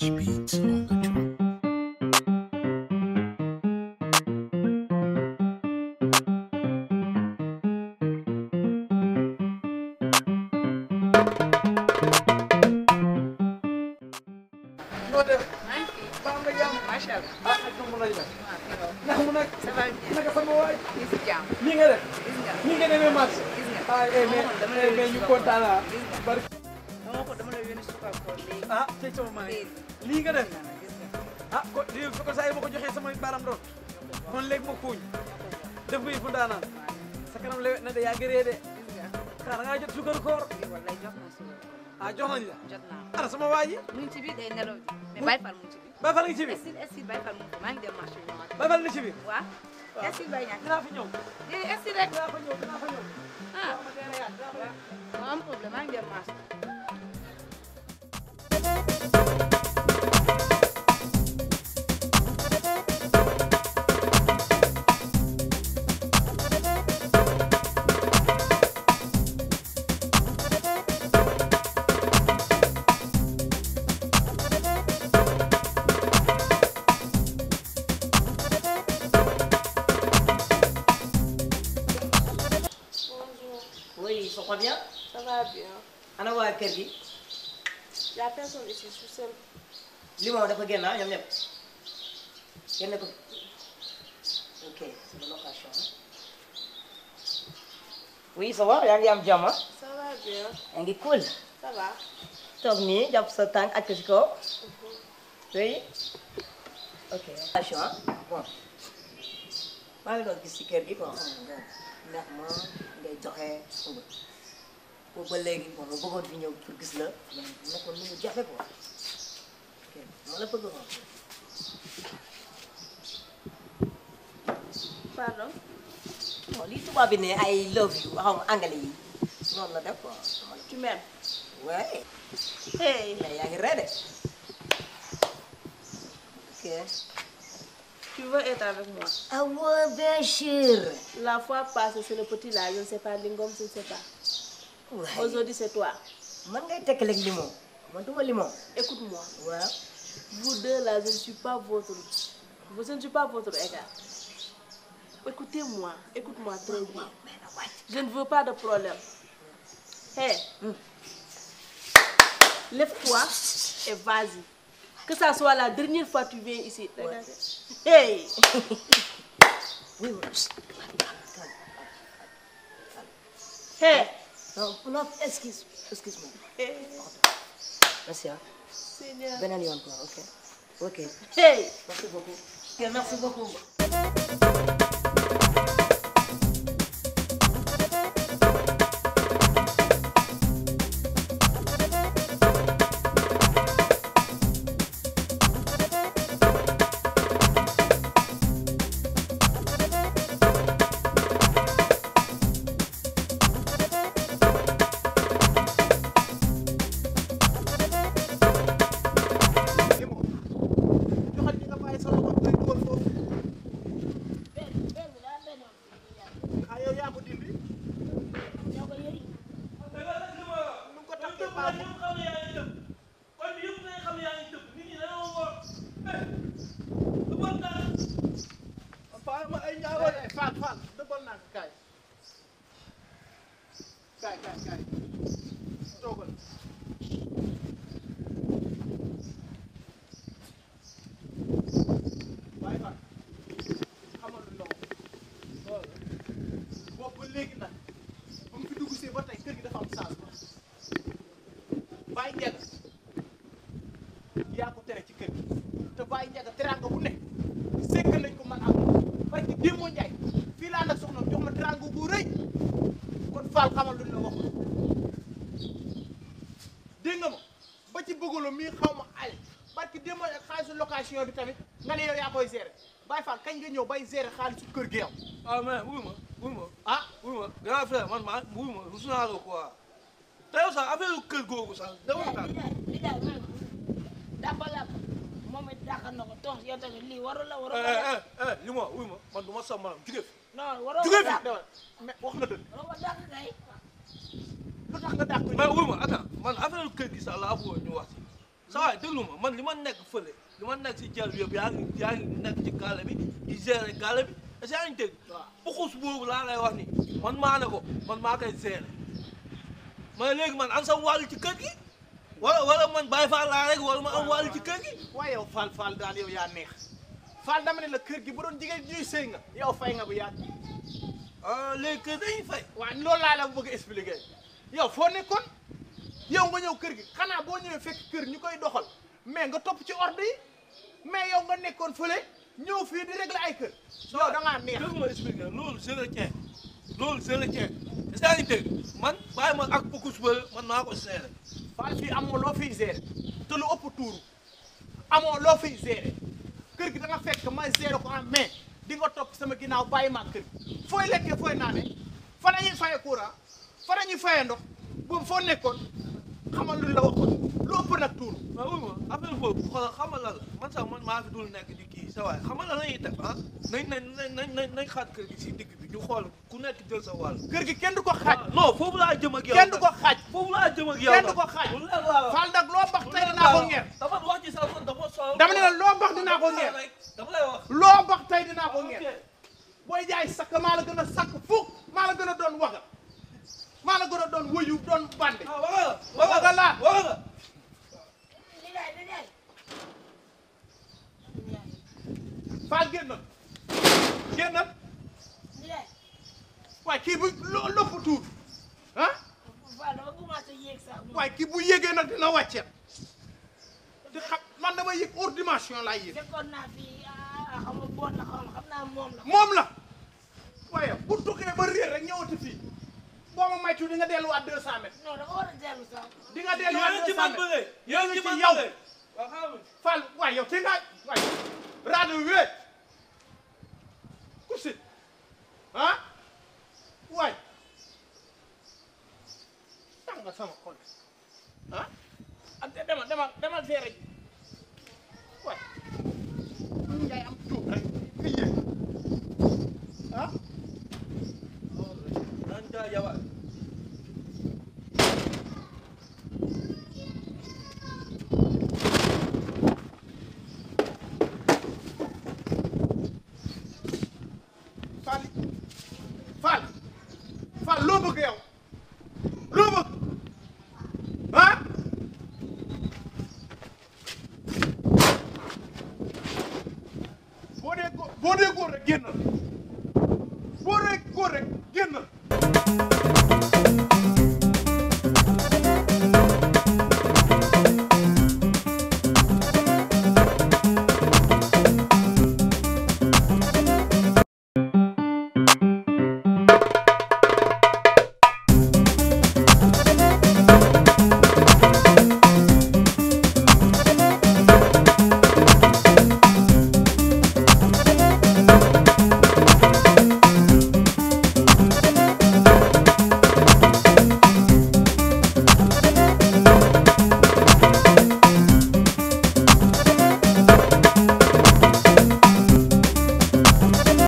rich beats on the track. ah tey sama maa ngi lii nga def ah ko lii ko saa yi ko joxee samay baaraam doon kon léegi ma kuuñ def sa kanam lewet na de yaa gëree de xanaa da ngaa jot sukar koor ah jox nañ la ana sama mu ngi ci biir day nelaw mais Baye Fall mu ngi ci biir Baye Fall mu ngi maa ngi dem marché bi Baye Fall filles, ça va bien Ça va bien. ana waa kër gi. la personne ici je suis seule. li moom dafa génn ah ñoom ñëpp génne ko. ok c'est une location. oui ça va yaa ngi am jàmm. Ah? ça va bien. yaa ngi cool. ça va. toog nii jàpp sa tànk ak ci kaw. Mhm. oui. ok location ah bon. maa ngi doon gis si kër gi bon. neex ma ngay joxe xam nga boobu ba léegi bon ma bëggoon fi pour gis la mais nekkoon lu jafe quoi ok ma la bëgg a wax. pardon. bon bi ne ay love you xaw ma anglais la def quoi. tu m'aimes. ouais. hey. yaa ngi rey de. ok. Tu veux être avec moi Ah ouais, bien sûr. La fois passée, c'est le petit là, je ne sais pas, Lingom, je ne sais pas. Ouais. Aujourd'hui, c'est toi. Man ngay tekk lekk limon. Man duma limon. Écoute-moi. Ouais. Vous deux là, je ne suis pas votre. Vous ne suis pas votre égal. Écoutez-moi, écoute-moi très bien. Je ne veux pas de problème. Hé. Hey. Hmm. que ça soit la dernière fois que tu viens ici. Ouais. Hey Hey Non, non excuse, excuse-moi. Hey. Merci. Hein. Seigneur. Benani encore, ok. Ok. Hey Merci beaucoup. Merci beaucoup. maa ngi xam ne yaa ngi tëb kon yëpp nañ xam ne yaa ngi tëb nit ñi dañoo war dëbbal naa faal ma ay ñaawal faal faal dëbbal naa kaay kaay kaay kaay toogal Baye Ndiaga teranga bu ne sekk nañ ko man ak parce que démb Ndiaye fii laa nag soxna jox ma teranga bu rëy kon Fall xamal lu la wax dégg nga ma ba ci bëggolo mii xaw ma ay parce que démb ak xaalisu location bi tamit nga ne yaa koy gérer Baye Fall kañ nga ñëw bay gérer xaalisu kër gi yow. ah mais wuyu ma ah wuyu grand frère man maa rus naa la quoi te yow sax affaire kër googu sax. dama ko daal li Eh, eh, eh, ma ma man du ma sa maanaam jugee fi. non waroo ko dàq mais wax nga ko ma man affaire kër gi sax laa bëggoon ñu wax si. saa man nekk fële li ma nekk ci gàll i di gérer gàll bi est-ce que yaa ngi dégg. waaw wax ni man maa ne ko man maa koy gérer. mais léegi man am sa ci kër wala wala man Baye Fall laa rek wala ma am wàllu ci kër gi. waaye yow Fall Fall daal yow yaa neex Fall dama ne la kër gi bu doon jigéen ñuy sëy nga yow fay nga bu yàgg. ah léegi kër dañuy fay. waaw loolu la yow foo nekkoon yow nga ñëw kër gi xanaa boo ñëwee fekk kër ñu koy doxal mais nga topp ci ordre yi mais yow nga nekkoon fële ñëw fii ay kër. yow da ngaa neex dëgg ma expliquer loolu je le tiens loolu je le ngi dégg man bàyyi ma ak Pocus Ba man maa ko seere Fall fii amoo loo fiy gérer te lu ëpp tuuru amoo loo fiy gérer kër gi da nga fekk ma gérer ko en main di nga topp sama ginnaaw bàyyi ma kër gi fooy lekkee fooy naane fa la ñuy fayee courant fa ndox boobu foo nekkoon. xamal luñ la waxoon loo ëpp nag tuur. waaw ma affaire maa fi dul nekk di kii sa waay xamal la la ñuy def ah nañ nañ kër gi si digg bi ñu xool ku nekk jël sa kër gi kenn du ko xaaj. non foofu laa jëm a yow kenn du ko xaaj. foofu laa jëm ak yow kenn du ko xaaj. fal nag loo bax tey dinaa ko ngeer. dafa dama ne la loo bax dinaa ko ngeer. dama lay wax loo bax tey dinaa ko ngeer. booy jaay maa la gën a sakk fukk maa la gën a doon waga maa la gën doon wëyu doon bandi. Ah, waaw nga la waaw faa kii bu loo lópp tuut ah kii bu yégee nag dina wàcceel di xam man dama yëg ordination laa yëg. Ah, ah, moom la. moom bu boo moytu di nga delluwaat 200 mètres. a dellu sax. di nga delluwaat 200 mètres yow ci man yow. Fall waay yow te nga waay rajo bi wéet ah? ah? Ah, ji waay ngay am tuub rek dóor rek génn